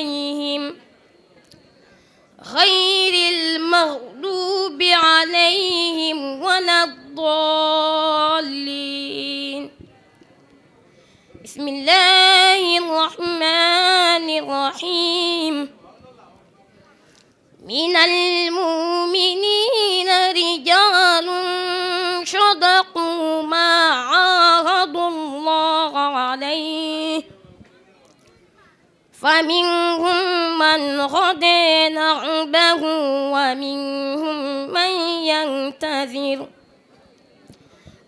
عليهم غير المغلوب عليهم ولا الضالين بسم الله الرحمن الرحيم من المؤمنين رجال صدقوا ما فمنهم من غدا نعبه ومنهم من ينتظر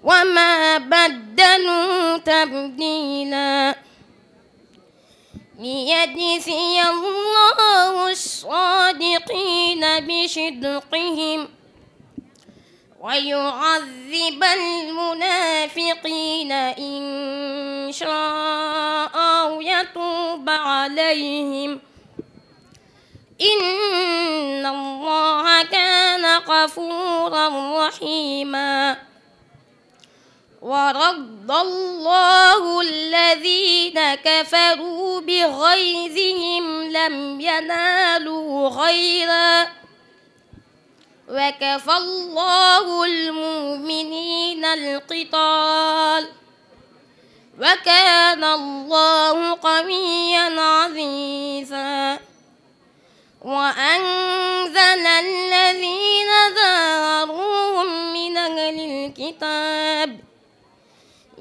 وما بدلوا تبديلا ليجزي الله الصادقين بصدقهم ويعذب المنافقين إن شاء أو يتوب عليهم إن الله كان غفورا رحيما ورد الله الذين كفروا بغيظهم لم ينالوا خيرا وكفى الله المؤمنين القتال wa kaana allahu qawiyyan aziizan wa anzala allaziina zaaruuhum min ahlil kitaab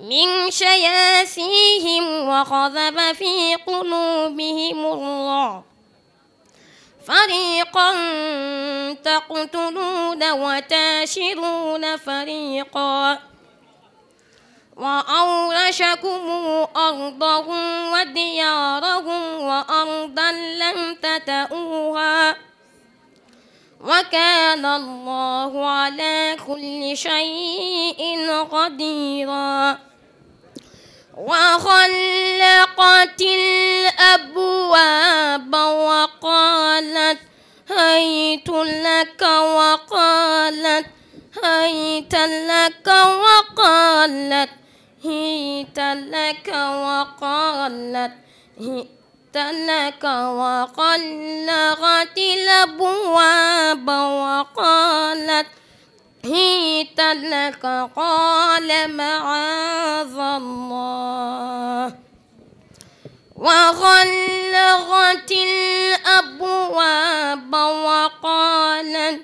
min shayaasiihim wa qadhafa fi quluubihimur ru'b fariiqan taqtuluuna wa taashiruuna fariiqan وأورشكم أرضهم وديارهم وأرضا لم تتئوها وكان الله على كل شيء قديرا وخلقت الأبواب وقالت هيت لك وقالت هيت لك وقالت هيت لك وقالت هيت لك وقلغت الأبواب وقالت هيت لك قال معاذ الله وغلغت الأبواب وقالت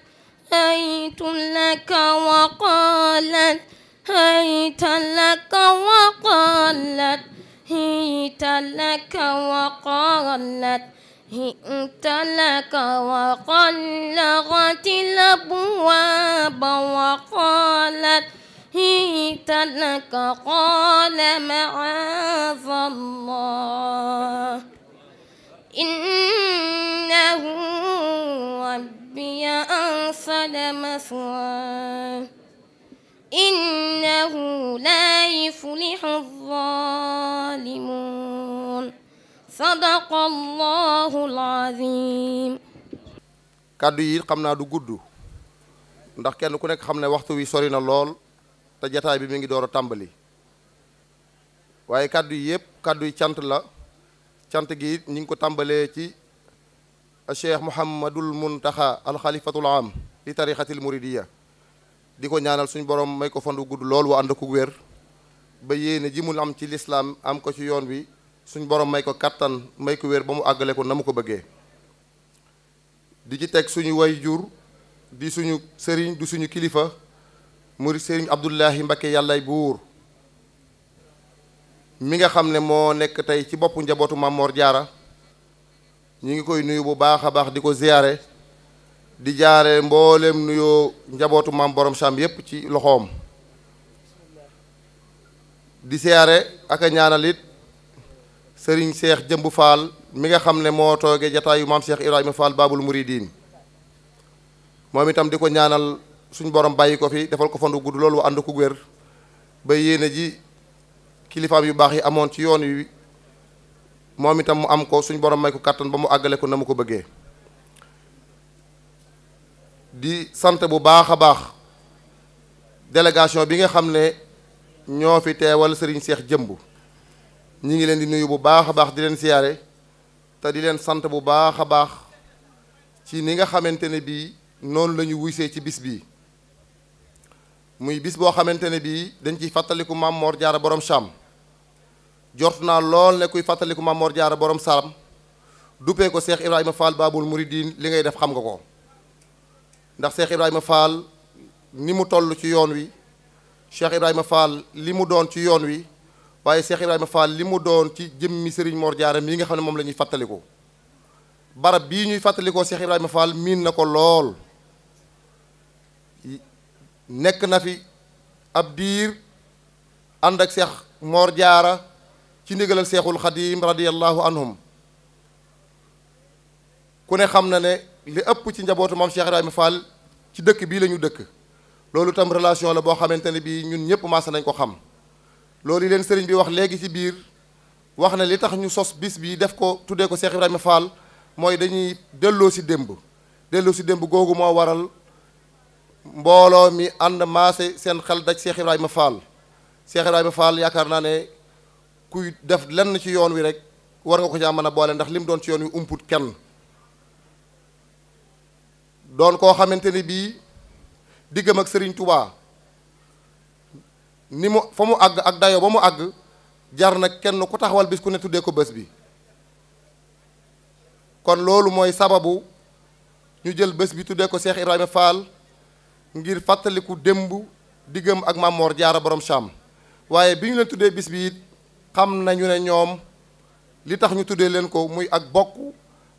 أيت لك وقالت هيت لك وقالت هيت لك وقالت هئت لك وقلغت الأبواب وقالت هئت لك قال معاذ الله إنه ربي أرسل مثواه إن إنه لا يفلح الظالمون yi xam naa du gudd ndax kenn ku nekk xam ne waxtu wi sori na lool te jataay bi mi ngi door a tàmbali waaye kàddu yi yëpp kàddu yi cant la cant gi ñi ngi ko tàmbalee ci cheikh Mouhamadul Muntaxa alxalifatul am li tarixatil muridiya di ko ñaanal suñu borom may ko fandu gudd lool wa ànd ko wér ba yéene ji mu am ci lislaam am ko ci yoon wi suñu borom may ko kattan may ko wér ba mu àggale ko na mu ko bëggee di ci teg suñu way jur di suñu sëriñ du suñu kilifa muri sëriñ Abdullahi Mbakke yàllay buur mi nga xam ne moo nekk tey ci boppu njabootu màmoor Jaara ñu ngi koy nuyu bu baax a baax di ko ziyaare di jaare mboolem nuyoo njabootu maam borom Sam yépp ci loxoom di siyaare ak a it sëriñ seex jëmb faal mi nga xam ne moo toogee jataayu maam seex Ibrahima Fall baabul muridiin moom itam di ko ñaanal suñ borom bàyyi ko fi defal ko fandu gudd loolu wa ànd ko wér ba yéene ji kilifaam yu baax yi amoon ci yoon wi moom itam mu am ko suñ borom may ko kàttan ba mu àggale ko na mu ko bëggee di sant bu baax a baax délégation bi nga xam ne ñoo fi teewal sëriñ Cheikh Jëmb ñi ngi leen di nuyu bu baax a baax di leen siyaare te di leen sant bu baax a baax ci ni nga xamante ne bii noonu la ñu wuysee ci bis bii muy bis boo xamante ne bii dañ ciy fàttaliku Maam Moor Jaara borom Saam jort naa lool ne fàttaliku Maam Moor Jaara borom Saam duppee ko Cheikh Ibrahima Fall Baabul Muridiin li ngay def xam nga ko ndax Cheikh Ibrahima Fall ni mu toll ci yoon wi Cheikh Ibrahima Fall li mu doon ci yoon wi waaye Cheikh Ibrahima Fall li mu doon ci jëmmi sëriñ Mor Diarra mii nga xam ne moom lañuy ñuy fàttalikoo barab bii ñuy fàttalikoo Cheikh Ibrahima Fall miin na ko lool nekk na fi ab diir ànd ak Cheikh Mor ci ci ndigalal Cheikhul Khadim radiyallahu anhum ku ne xam na ne. li ëpp ci njabootu maam Cheikh ma Fall ci dëkk bii la dëkk loolu itam relation la boo xamante ne bii ñun ñëpp maasa nañ ko xam loolu yi leen sëriñ bi wax léegi ci biir wax na li tax ñu sos bis bi def ko tuddee ko Cheikh Ibrahima Fall mooy dañuy delloo si démb delloo si démb googu moo waral mbooloo mi ànd maase seen xel daj Cheikh ma Fall Cheikh Ibrahima faal yaakaar naa ne kuy def lenn ci yoon wi rek war nga ko caa mën a boole ndax lim doon ci yoon wi umput kenn doon koo xamante ni bii diggam ak sëriñ Touba ni mu fa mu àgg ak dayo ba mu àgg jar na kenn ku taxawal bis ku ne tuddee ko bés bi kon loolu mooy sababu ñu jël bés bi tuddee ko Cheikh Ibrahima Fall ngir fàttaliku démb diggam ak mamoor Jaara borom Cham waaye bi ñu leen tuddee bis bi it xam nañu ne ñoom li tax ñu tuddee leen ko muy ak bokk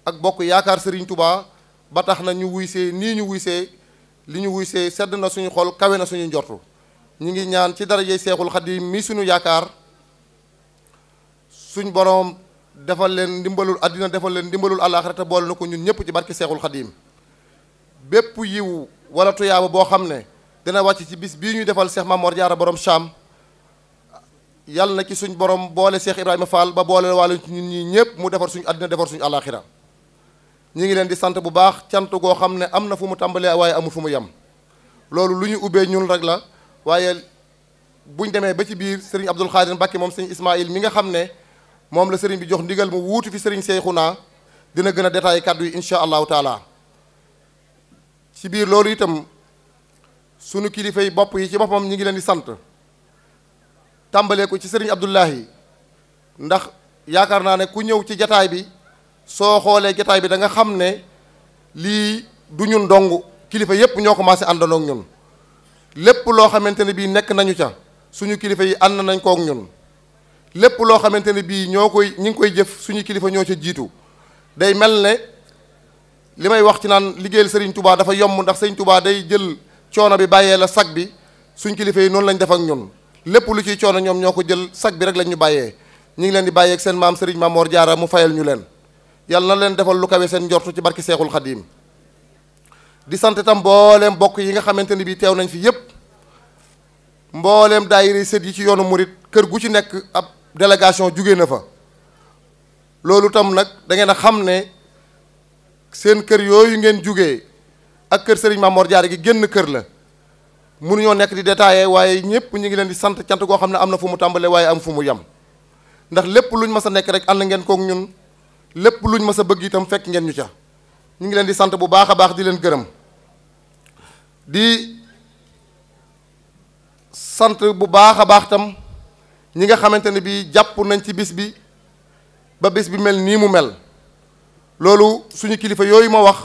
ak bokk yaakaar sëriñ Touba. ba tax na ñu wuysee nii ñu wuysee li ñu wuysee sedd na suñu xol kawe na suñu njortu ñu ngi ñaan ci darajey seexul xadim mii suñu yaakaar suñ boroom defal leen ndimbalul àddina defal leen ndimbalul àllaaxira te boole na ko ñun ñëpp ci barke seexul xadim bépp yiw wala tuyaaba boo xam ne dina wàcc ci bis bii ñuy defal seex Mamoor Jaara borom Saam yàlla na ci suñ borom boole seex Ibrahima Fall ba boole waale ci ñun ñii ñëpp mu defar suñ àddina defar suñu àllaaxira ñi ngi leen di sant bu baax cant goo xam ne am na fu mu tàmbalee waaye amul fu mu yem loolu lu ñu ubbee ñun rek la waaye buñ demee ba ci biir sëriñ Abdul Xaadir Mbàkke moom sëriñ Ismaayil mi nga xam ne moom la sëriñ bi jox ndigal mu wuuti fi sëriñ Seyxuna dina gën a détaillé kàddu yi incha allahu taala ci biir loolu itam sunu kilifa bopp yi ci boppam ñi ngi leen di sant tàmbalee ko ci sëriñ Abdullahi ndax yaakaar naa ne ku ñëw ci jataay bi soo xoolee jataay bi da nga xam ne lii du ñun dong kilifa yépp ñoo commencé àndandoo ak ñun lépp loo xamante ne bii nekk nañu ca suñu kilifa yi ànd nañ kook ñun lépp loo xamante ne bii ñoo koy ñi ngi koy jëf suñu kilifa ñoo ca jiitu day mel ne li may wax ci naan liggéeyal Serigne Touba dafa yomb ndax Serigne tubaa day jël coono bi bàyyee la sag bi suñ kilifa yi noonu lañ def ak ñun lépp lu ciy coono ñoom ñoo ko jël sag bi rek lañ ñu bàyyee ñu ngi leen di bàyyeeg seen maam Serigne Mamor Diarra mu fayal ñu leen. yàlla na leen defal lu kawe seen njortu ci barki seexul xadiim di sant itam mbooleem bokk yi nga xamante ni bii teew nañ fi yëpp mbooleem daayiri sët yi ci yoonu murit kër gu ci nekk ab délégation jugee fa loolu tam nag dangeen a xam ne seen kër yooyu ngeen jugee ak kër Serigne Mamor Diarra gi génn kër la ñoo nekk di détaillé waaye ñëpp ñu ngi leen di sant cant goo xam ne am na fu mu tàmbalee waaye am fu mu yem ndax lépp luñ mas a nekk rek ànd ngeen kook ñun. lépp lu luñ mës a bëgg itam fekk ngeen ñu ca ñu ngi leen di sant bu baax baax di leen gërëm di sant bu baax a baax itam ñi nga xamante ne bi jàpp nañ ci bis bi ba bis bi mel nii mu mel loolu suñu kilifa yooyu ma wax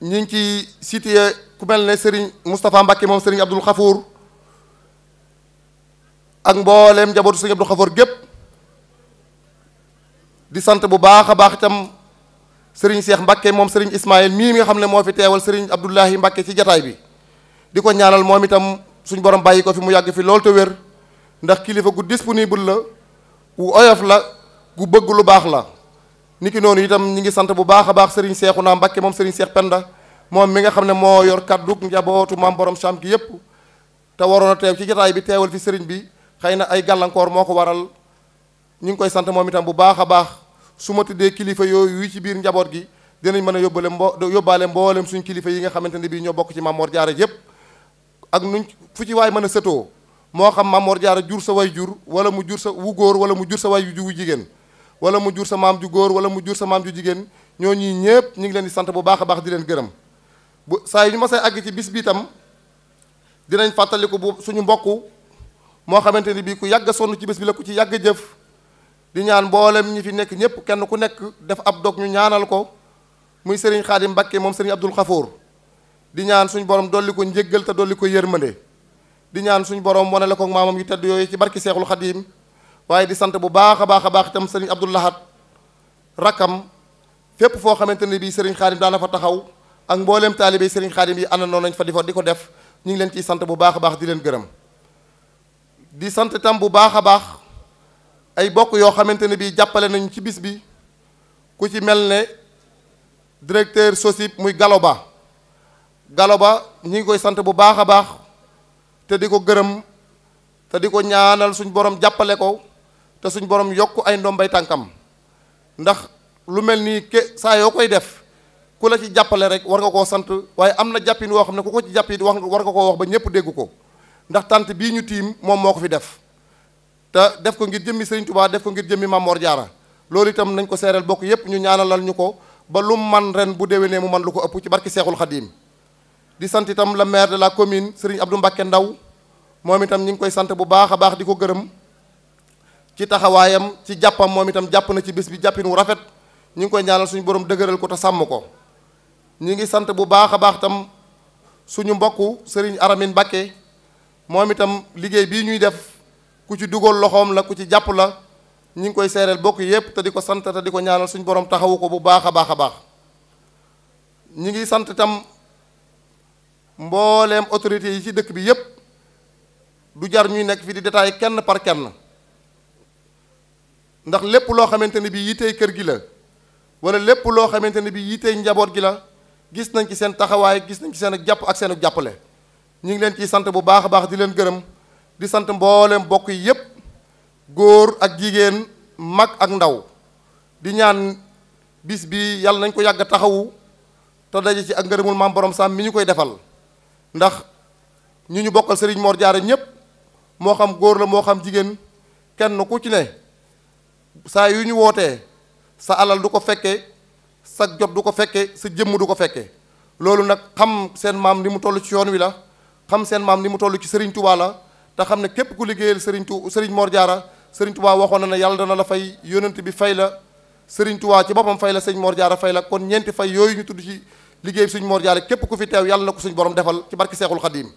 ñu ngi ci cité ku mel ne sëriñ Moustapha Mbacke moom Serigne Abdoul Khafour ak mbooleem njabootu Serigne Abdoul Khafour gépp di sant bu baax a baax itam sëriñ seex Mbacke moom sëriñ Ismaïl mii nga xam ne moo fi teewal sëriñ Abdoulahi Mbacke ci jataay bi di ko ñaanal moom itam suñ borom bàyyi ko fi mu yàgg fi loolu te wér ndax kilifa gu disponible la gu oyof la gu bëgg lu baax la ni ki noonu itam ñi ngi sant bu baax a baax sëriñ naa mbakke moom sëriñ Cheikh Penda moom mi nga xam ne moo yor kaddu njabootu maam borom Cham gi yépp te waroon a teew ci jataay bi teewal fi sëriñ bi xëy na ay gàllankoor moo ko waral ñu ngi koy sant moom itam bu baax a baax su ma tuddee kilifa yooyu yi ci biir njaboot gi dinañ mën a yóbbale mbo yóbbaale mboolem suñu kilifa yi nga xamante ne bii ñoo bokk ci Mamor Jaara yëpp ak nuñ fu ci waay mën a sëtoo moo xam Mamor Jaara jur sa way jur wala mu jur sa wu góor wala mu jur sa way ju wu jigéen wala mu jur sa maam ju góor wala mu jur sa maam ju jigéen ñoo ñuy ñëpp ñu ngi leen di sant bu baax a baax di leen gërëm bu saa yi ñu ma a àgg ci bis bi itam dinañ fàttaliku bu suñu mbokk moo xamante ni bii ku yàgg sonn ci bis bi la ku ci yàgg jëf di ñaan mboolem ñi fi nekk ñëpp kenn ku nekk def ab dog ñu ñaanal ko muy sëriñ Xaadim Mbàkke moom sëriñ Abdul Xafoor di ñaan suñ borom dolli ko njéggal te dolli ko yërmande di ñaan suñ borom wane la ko maamam te tedd yooyu ci barki Seexul Xadim waaye di sant bu baax a baax a baax itam sëriñ Abdul Lahat rakkam fépp foo xamante ne bii sëriñ Xaadim daana fa taxaw ak mbooleem taalibe sëriñ Xaadim yi àndandoo nañ fa di fa di ko def ñu ngi leen ciy sant bu baax a baax di leen gërëm sant itam bu baax a baax ay bokk yoo xamante ne bii jàppale nañu ci bis bi ku ci mel ne directeur SOSIP muy Galoba Galoba ñu ngi koy sant bu baax a baax te di ko gërëm te di ko ñaanal suñ borom jàppale ko te suñ borom yokk ay ndombay tànkam ndax lu mel nii ke saa yoo koy def ku la ci jàppale rek war nga koo sant waaye am na jàppin woo xam ne ku ko ci jàppin wax war nga koo wax ba ñëpp dégg ko ndax tànt bii ñu tiim moom moo ko fi def te def ko ngir jëmmi Serigne Touba def ko ngir jëmmi Mamor Diarra loolu itam nañ ko seereel bokk yépp ñu ñaanalal ñu ko ba lu man ren bu déwénee mu man lu ko ëpp ci barki Seexul Xadiim di sant itam le maire de la commune Serigne Abdou Mbacké Ndaw moom itam ñu ngi koy sant bu baax a baax di ko gërëm ci taxawaayam ci jàppam moom itam jàpp na ci bis bi jàppin wu rafet ñu ngi koy ñaanal suñu borom dëgëral ko te sàmm ko ñu ngi sant bu baax a baax itam suñu mbokku Serigne Aramine Mbacké moom itam liggéey bii ñuy def ku ci dugal loxoom la ku ci jàpp la ñu ngi koy seereel bokk yépp te di ko sant te di ko ñaanal suñ borom taxawu ko bu baax a baax a baax ñi ngi sant tam mboolem autorités yi ci dëkk bi yépp du jar ñuy nekk fi di détaillé kenn par kenn ndax lépp loo xamante ne bi yitey kër gi la wala lépp loo xamante ne bi yitey njaboot gi la gis nañ ci seen taxawaay gis nañ ci seen jàpp ak seen jàppale ñu ngi leen ciy sant bu baax a baax di leen gërëm di sant mboolem bokk yi yëpp góor ak jigéen mag ak ndaw di ñaan bis bi yàlla nañ ko yàgg taxawu te daje ci ak ngërëmul maam borom saam mi ñu koy defal ndax ñu ñu bokkal Serigne Mor Diarra ñëpp moo xam góor la moo xam jigéen kenn ku ci ne saa yu ñu wootee sa alal du ko fekke sa jot du ko fekke sa jëmm du ko fekke loolu nag xam seen maam ni mu toll ci yoon wi la xam seen maam ni mu toll ci Serigne Touba te xam ne képp ku liggéeyal Serigne Tou Serigne Mor Diarra Serigne waxoon na ne yàlla dana la fay yonent bi fay la Serigne Touba ci boppam fay la Serigne Mor Diarra fay la kon ñeenti fay yooyu ñu tudd ci liggéey bi Serigne Mor képp ku fi teew yàlla na ko suñu borom defal ci barki Seexul Xadiim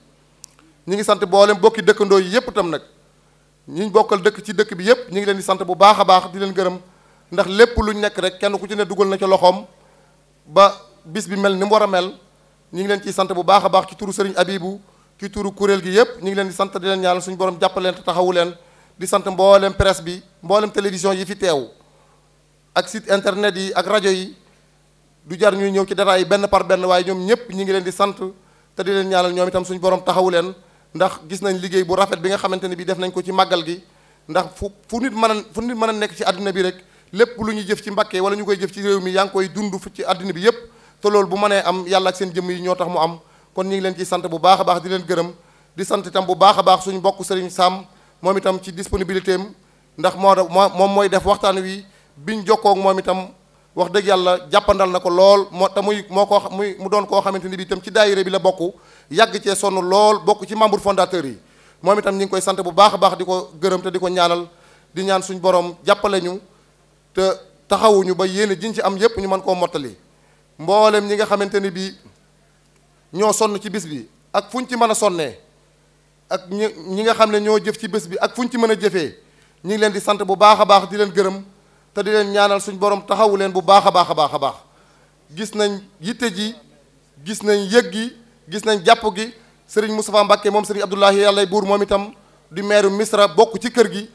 ñi ngi sant boolem bokki dëkkandoo yi yépp tam nag ñu ñi bokkal dëkk ci dëkk bi yépp ñu ngi leen di sant bu baax a baax di leen gërëm ndax lépp lu luñ nekk rek kenn ku ci ne na ci loxoom ba bis bi mel ni mu war a mel ñi ngi leen ciy sant bu baax a baax ci turu Serigne Abibou ci turu kuréel gi yëpp ñu ngi leen di sant di leen ñaanal suñu borom jàppaleen te taxawu leen di sant mbooleem presse bi mboolem télévision yi fi teew ak site internet yi ak rajo yi du jar ñuy ñëw ci dara yi benn par benn waaye ñoom ñëpp ñu ngi leen di sant te di leen ñaanal ñoom itam suñ borom taxawu leen ndax gis nañ liggéey bu rafet bi nga xamante ne bii def nañ ko ci màggal gi ndax fu fu nit mën a fu mën a nekk ci àddina bi rek lépp lu ñuy jëf ci Mbàkke wala ñu koy jëf ci réew mi yaa ngi koy dund fu ci àddina bi yëpp te bu mënee am yàlla ak seen jëmm yi ñoo tax mu am kon ñu ngi leen ci sant bu baax a baax di leen gërëm di sant itam bu baax a baax suñu bokk Serigne Sam moom itam ci disponibilité ndax moo moom mooy def waxtaan wi biñ jokkoo ak moom itam wax dëgg yàlla jàppandal na ko lool moo te muy moo koo muy mu doon koo xamante ni bi itam ci daayira bi la bokk yàgg cee sonn lool bokk ci membre fondateur yi moom itam ñu ngi koy sant bu baax a baax di ko gërëm te di ko ñaanal di ñaan suñu borom jàppale ñu te taxawuñu ba yéene jiñ ci am yépp ñu mën koo mottali mboolem ñi nga xamante ni bi ñoo sonn ci bis bi ak fu ñu ci mën a sonnee ak ñi ñi nga xam ne ñoo jëf ci bés bi ak fu ñu ci mën a jëfee ñu ngi leen di sant bu baax a baax di leen gërëm te di leen ñaanal suñ borom taxawu leen bu baax a baax a baax a baax gis nañ yitte ji gis nañ yëg gi gis nañ jàpp gi sëriñ Moustapha Mbacke moom sëriñ Abdoulahi yàllay buur moom itam du maire Misra bokk ci kër gi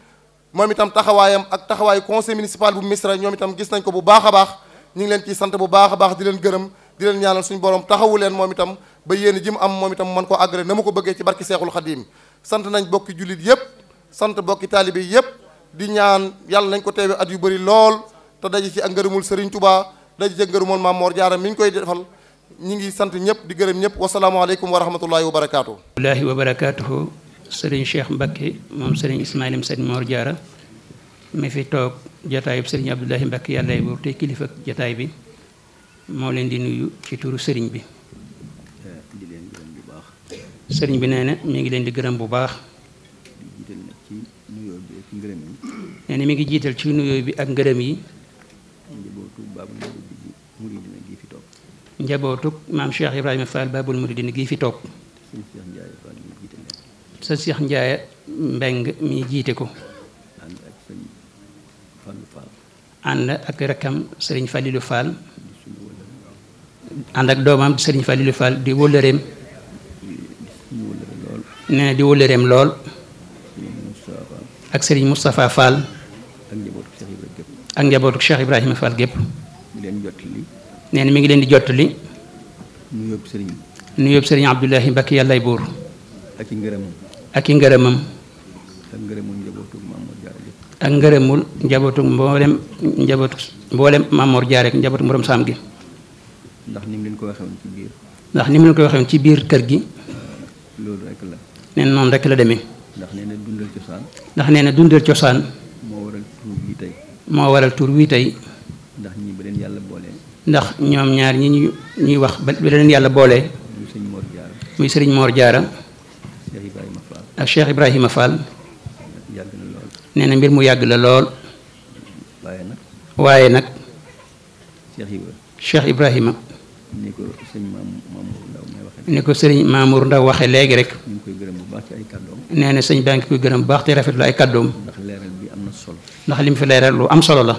moom itam taxawaayam ak taxawaayu conseil municipal bu Misra ñoom itam gis nañ ko bu baax a baax ñu ngi leen ciy sant bu baax a baax di leen gërëm di leen ñaanal suñu borom taxawu leen moom itam ba yéen ji mu am moom itam man koo àggale na ma ko bëggee ci barki seexul xadiim sant nañ bokki jullit yëpp sant bokki taalibe yëpp di ñaan yàlla nañ ko teewe at yu bëri lool te daje ci ak ngërëmul Serigne Touba daje ci ak ngërëmul Maam Mor Jaara mi ñu koy defal ñu ngi sant ñëpp di gërëm ñëpp wasalaamaaleykum wa rahmatullahi wa barakaatu. wallaahi wa barakaatuhu Serigne Cheikh Mbacke moom Serigne Ismaïla Serigne Mor Jaara mi fi toog jataayub Serigne Abdoulahi Mbacke yàlla lay wër te kilifa jataay bi moo leen di nuyu ci turu sëriñ bi sëriñ bi nee na mi ngi leen di gërëm bu baax nee na mi ngi jiital ci nuyoo bi ak ngërëm yi njabootuk maam Cheikh Ibrahima Fall Babul Mouridine gii fi toog sa Cheikh Ndiaye Mbeng mi jiite ko ànd ak rakkam sëriñ Fallilou Fall ànd ak doomam di sëriñ Fallilou Fall di wëllëreem nee na di wëllëreem lool ak sëriñ Moustapha Fall ak njabootu Cheikh Ibrahima Fall gépp nee na mi ngi leen di jottali nuyoob sëriñ Abdoulahi Mbacke yàllaay buur ak i ngërëmam ak i ngërëmam ak ngërëmul njabootu mboolem njabootu mboolem Mamoor Jaare ak njabootu Morom Saam gi ndax ni leen ko waxee ci biir. ndax ni mu ko waxee ci biir kër gi. loolu rek la. noonu rek la demee. ndax nee na dundal cosaan. ndax nee na dundal cosaan. moo waral tuur wi tey. moo waral tuur wi tey. ndax ñi ba leen yàlla boole. ndax ñoom ñaar ñi ñuy wax ba leen yàlla boole. muy sëriñ Mor Diarra. muy sëriñ Mor Diarra. Cheikh Ibrahima Fall. ak Cheikh Ibrahima Fall. yàgg na lool. na mbir mu yàgg la lool. waaye nag. waaye nag. Cheikh Ibrahima. ni ko sëñ Mamour Ndaw may waxee. ni ko Ndaw waxee léegi rek. ñu ngi koy gërëm bu baax ci ay nee na sëñ baa ngi gërëm bu baax te rafet la ay kàddoom. ndax leeral bi am na solo. ndax li mu fi leeral lu am solo la.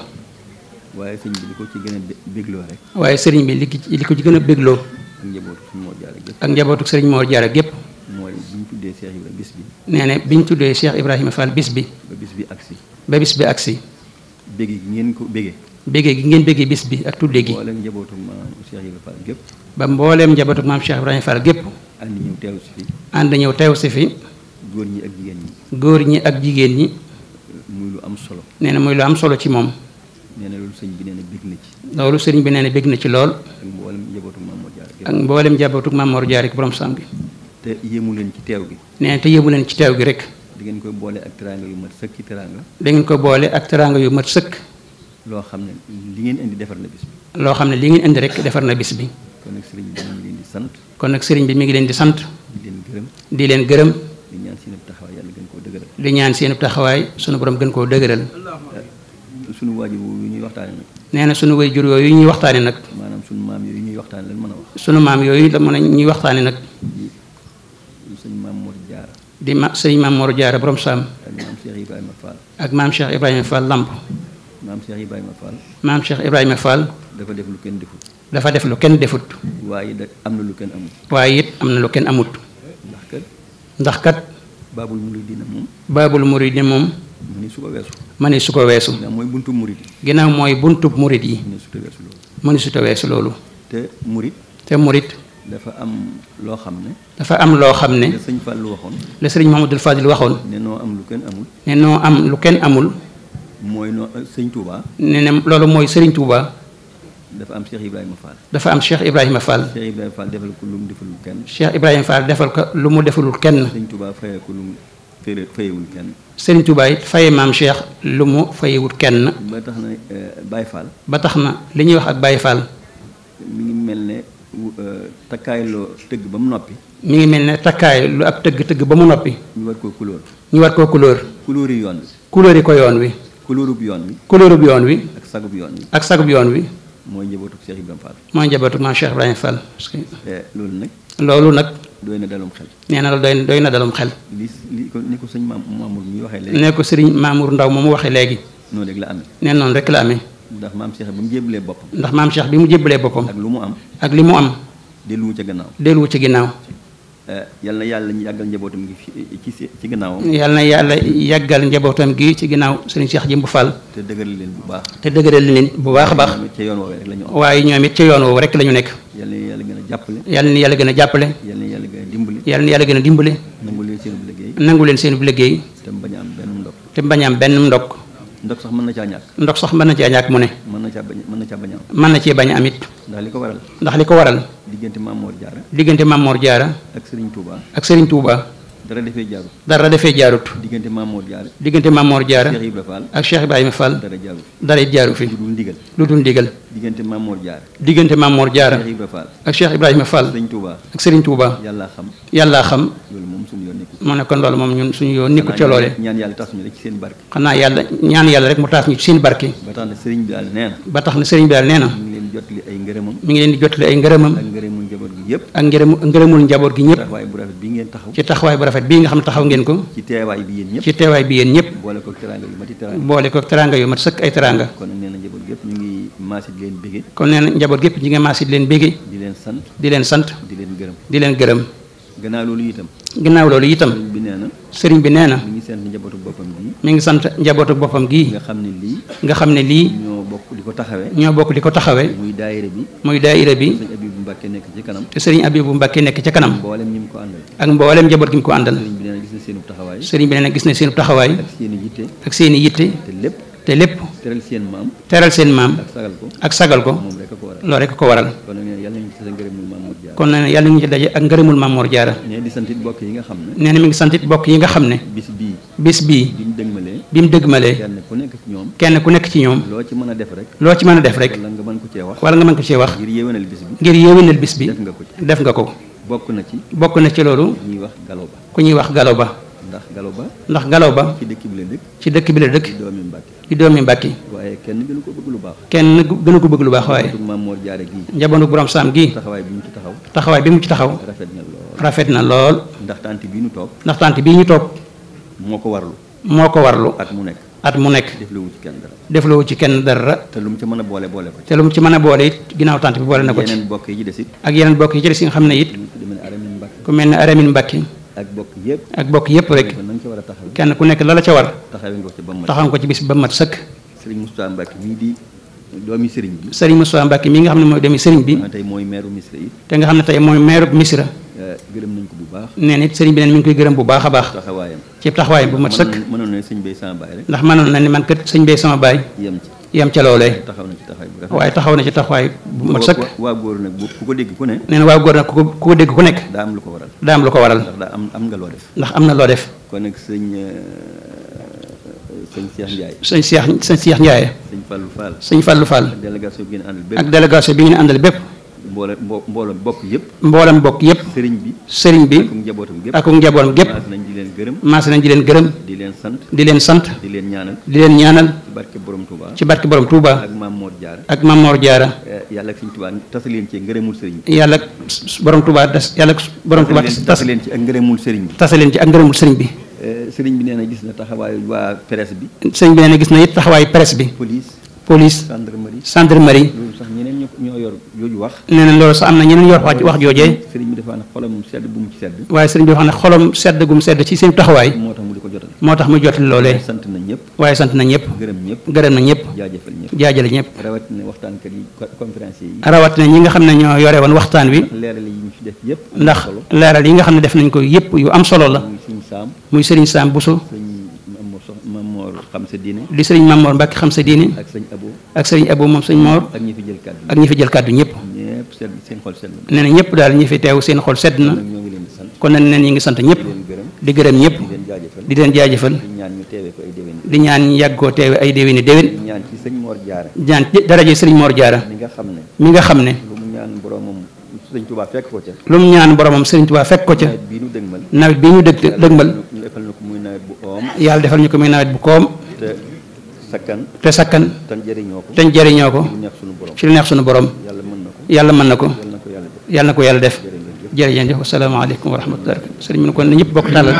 waaye sëñ bi ko ci gën a bégloo rek. waaye sëriñ bi li li ko ci gën a bégloo. ak njabootu sëñ Mor Diarra gépp. ak njabootu sëriñ moo Diarra gépp. mooy bi ñu tuddee Cheikh Ibrahima bis bi. nee na bi tuddee Cheikh Ibrahima Fall bis bi. ba bis bi agsi. ba bis bi agsi. bégg ngeen ko bégee. béggee gi ngeen béggee bis bi ak tuddee gi. ba mbooleem njabootu maam Cheikh Ibrahima Fall gépp. ba mbooleem njabootu maam Cheikh Ibrahima Fall gépp. ànd ñëw teew si fi. ñëw teew si góor ñi ak jigéen ñi. góor ñi ak jigéen ñi. muy lu am solo. nee na muy lu solo ci moom. nee na loolu sëriñ bi nee na na ci. loolu sëriñ bi nee na ci lool. ak mboolem njabootu maam Mor Diarra ak mboolem njabootu maam Mor Diarra borom sàmm te yéemu leen ci teew gi. nee na te yéemu leen ci teew gi rek. da ngeen koy boole ak teraanga yu mat sëkk ci teraanga. da ngeen koy boole ak teraanga yu mat sëkk loo xam ne li ngeen indi defar na bis bi. loo xam ne li ngeen indi defar na bis bi. kon nag sëriñ bi mi ngi leen di sant. kon nag sëriñ bi mi ngi leen di sant. leen gërëm. di leen gërëm. di ñaan seen taxawaay yàlla gën koo dëgëral. di ñaan seen taxawaay sunu borom gën koo dëgëral. sunu waajur yu ñuy waxtaane nag. nee na sunu waajur yooyu ñuy waxtaane nag. maam yooyu ñuy waxtaane lan mën a wax. maam yooyu la mën ñuy waxtaane nag. sëñ di ma sëñ maam Mor Diarra borom saam. ak maam Cheikh Ibrahima ak maam Cheikh maam Cheikh Ibrahima Fall. dafa def lu kenn defut. dafa def lu kenn defut. waaye it am na lu kenn amut. waaye it am na lu kenn amut. ndax kat. ndax kat. baabul muridina moom. moom. ma su ko weesu. ma ne su ko weesu. ginnaaw mooy buntub murid yi. ginnaaw mooy buntub murid yi. ma ne su ta weesu loolu. su ta weesu te murid. te murid. dafa am loo xam ne. dafa am loo xam ne. la sëñ Fallou waxoon. la sëñ Mouhamadou Fadil waxoon. ne am lu kenn ne noo am lu kenn amul. mooy no euh, sëñ Touba. nee na loolu mooy Serigne Touba. dafa am Cheikh Ibrahima Fall. dafa am Cheikh Ibrahima Fall. Cheikh Ibrahima Fall defal ko lu mu defalul kenn. Cheikh Ibrahima Fall defal ko lu mu defalul kenn. Serigne Touba fayee ko lu mu fayewul kenn. Serigne Touba it faye maam Cheikh lu mu fayewul kenn. ba tax na euh, Baye Fall. ba tax na li ñuy wax ak Baye Fall. mi ngi mel ne euh, takkaay loo tëgg ba mu noppi. mi ngi mel ne takkaay lu ab tëgg tëgg ba mu noppi. ñu war koo couleur. ñu war koo couleur. couleur yi yoon wi. couleur yi ko yoon wi. kuloorub yoon wi. kuloorub yoon wi. ak sagub yoon wi. ak yoon wi. mooy njabootu Cheikh Ibrahima Fall. mooy njabootu maam Cheikh ba Fall. Eh, loolu nag. loolu nag. doy na dalum xel. nee na doy doy na dalum xel. li li ko ni ko sëñ Mamour mi waxee léegi. nee ko sëriñ Mamour Ndaw moomu waxee léegi. noonu rek la amee. nee noonu rek la amee. ndax maam Cheikh bi mu jébbalee boppam. ndax maam Cheikh bi mu jébbalee boppam. ak am. ak li mu am. delluwu ca gannaaw ginnaaw. Eh, yal na yàlla yàggal njabootam gi eh, ci ci ginnaawam. yal na yàlla yàggal njabootam gi ci ginnaaw sëriñ Cheikh Jëmb Fall. te dëgëral leen bu baax. te dëgëral leen bu baax a baax. waaye ñoom it ca yoon woowu rek la nekk. yal na yàlla gën a jàppale. yal yàlla gën a jàppale. yal yàlla gën a dimbali. yal yàlla gën a dimbali. nangu leen seen bu liggéey. nangu leen seen bu liggéey. te bañ am benn ndokk. te bañ am benn ndokk. ndox sax mën na caa ñàkk. ndox sax mën na caa ñàkk mu ne. mën na caa bañ mën na caa bañ a ndax li ko waral. ndax li ko waral. diggante Maam Mor Jaara. diggante Maam Mor Jaara. ak Serigne Touba. ak Serigne Touba. dara defee jaarut. diggante Maam Jaara. diggante Maam Mor Jaara. Cheikh Ibrahima Fall. ak Cheikh Ibrahima Fall. dara jaarut. dara jaaru fi. lu dul ndigal. lu dul ndigal. diggante Maam Mor Jaara. diggante Maam Mor Jaara. Cheikh Ibrahima Fall. ak Cheikh Ibrahima Fall. Serigne Touba. ak Serigne Touba. xam. yàllaa xam. loolu moom suñu yoon nekkul. mu ne kon loolu moom ñun suñu yoon nekkul ca loole. ñaan yàlla tas ñu rek ci seen barke. ñaan yàlla rek mu taas ñu seen barke. ba tax na Serigne Bilal nee na. jotli ay ngërëmam mi ngi leen di jotli ay ngërëmam ak ngërëmul njaboot gi yëpp ci taxawaay bu rafet bii nga xam taxaw ngeen ko ci teewaay bi yéen ñëpp ci teewaay bi yu mati sëkk ay teranga kon nee njaboot gépp ñu ngi maasi leen bégee di leen sant di leen gërëm gannaaw loolu itam sëriñ bi nee na ngi sant njabootu boppam gii nga xam ne lii ko taxawee. ñoo bokk di ko taxawee. muy daayira bi. muy daayira bi. sëriñ Abibu nekk ci kanam. te sëriñ Abibu njaboot gi mu ko àndal. sëriñ bi nee na gis na seenu taxawaay. ak seen yitte. te lépp. teral seen maam. ak sagal ko. ak sagal ko. a waral. a ko kon nag yàlla yàlla nañu ci daje ak ngërëmul Maam Jaara. nee na di ngi santit bokk yi nga xam ne. bis bii. bi mu dëgmalee. bi mu dëgmalee. kenn ku nekk ci ñoom. loo ci mën a def rek. loo ci mën a def rek. wala nga mën ko cee wax. wala nga mën ko cee wax. ngir yéwénal bis bi. ngir yéwénal bis bi. def nga ko def nga ko. bokk na ci. bokk na ci loolu. ku ñuy wax galaw ba. ku ñuy wax galaw ba. ndax galo ba. ndax galaw ba. ci dëkk bi la dëkk. ci dëkk bi la dëkk. di doomi Mbàkke. di doomi Mbàkke. waaye kenn gënu ko lu baax. kenn gënu ko bëgg lu baax waaye. njabootu borom saam gii. taxawaay bi mu ci taxaw. taxawaay bi mu ci taxaw. rafet na lool. ndax tànt bii ñu toog. ndax tànt bii ñu toog. moo ko warlu. moo ko warlu. at mu nekk. at mu nekk. defloo ci kenn dara. defloo ci kenn dara. te lu mu ci mën a boole boole ko ci. te lu mën a boole it ginnaaw bi boole na ko ci. yeneen bokk yi ci des it. ak yeneen bokk yi ci des yi nga xam ne it. ku mel ne Aramine Mbacke. ak bokk yëpp. ak bokk yëpp rek. kenn ku nekk la la ca war. taxawuñ ko ci bis ba mat sëkk. Serigne Moustapha Mbacke mii di doomi Serigne bi. Serigne Moustapha Mbacke mii nga xam ne mooy doomi Serigne bi. tey mooy maire Misra te nga xam ne tey mooy maire Misra. Eh, gërëm nañ ko bu baax. nee na it Serigne bi neen mi ngi koy gërëm bu baax a baax. taxawaayam ci taxawaay bu mat sëkk ndax mënoon na ni man kat sëñ bay sama baay yam ca loolee waaye taxaw na ci taxawaay bu mat sëkk waa góor nag ku ko dégg ku ne waa góor nag ku ko dégg ku nekk daa am lu ko waral daa lu ko waral ndax am nga loo def ndax am na loo def kon nag sëñ euh, sëñ Cheikh Ndiaye sëñ Cheikh sëñ Cheikh Ndiaye sëñ Fallou Fall sëñ Fallou Fall ak délégation bi ngeen àndal bépp mboolem mboolem bokk yëpp. mboolem bokk yëpp. sëriñ bi sëriñ bi. ak njabootam njabootam gépp. maas nañ di leen gërëm. maas nañ di leen gërëm. di leen sant. di leen sant. di leen ñaanal. di leen ñaanal. ci barke borom Touba. ci barke borom Touba. ak maam Mor Diarra. ak maam Mor Diarra. Eh, yàlla ak suñu Touba tas borom Touba tas yàlla borom Touba tas leen leen ci ak ngërëmul sëriñ bi. Eh, sëriñ bi nee na gis na taxawaayu waa bi. sëriñ bi nee na gis na it police. police ñoo yor jooju wax. nee na loolu sax am na ñeneen yor wax wax joojee. waaye sëriñ bi wax ne xolam sedd gu sedd ci seen taxawaay. moo tax mu di loolee. na ñëpp. waaye sant na ñëpp. gërëm ñëpp gërëm na ñëpp. jaajëfal ñëpp jaajëfal ñëpp. rawatina waxtaankat yi conférencier yi. rawatina ñi nga xam ne ñoo yore woon waxtaan wi. leeral yi ñu ci def yëpp. ndax leeral yi nga xam ne def nañ ko yëpp yu am solo la. muy sëriñ Saam Buso xam sa diine. di sëriñ Mamor Mbacke xam sa diine. ak sëriñ Abo. ak sëriñ Abo moom sëriñ Mor. ak ñi fi jël kàddu ak ñi fi jël kàddu ñëpp. ñëpp seen xol sedd na. nee na ñëpp daal ñi fi teew seen xol sedd na. kon nag nee na ñu ngi sant ñëpp. di gërëm ñëpp. di leen jaajëfal. di ñaan ñu yàgg koo teewe ay déwéni déwén. di ñaan ci sëriñ Mor Diarra. ñaan ci daraje sëriñ Mor Diarra. mi nga xam ne. mi nga xam ne. lu mu ñaan boromam sëriñ Tuubaa fekk ko ca. nawet bii ñu dëgmal. yàlla defal ñu ko muy nawet bu koom. te sakkan. te sakkan. tan jëriñoo ko tan jëriñoo ko. ci lu neex sunu borom. yàlla mën na ko. yàlla na ko yàlla def. jërëjëf asalaamaaleykum wa rahmatulah sëriñ bi kon ñëpp bokk tàllal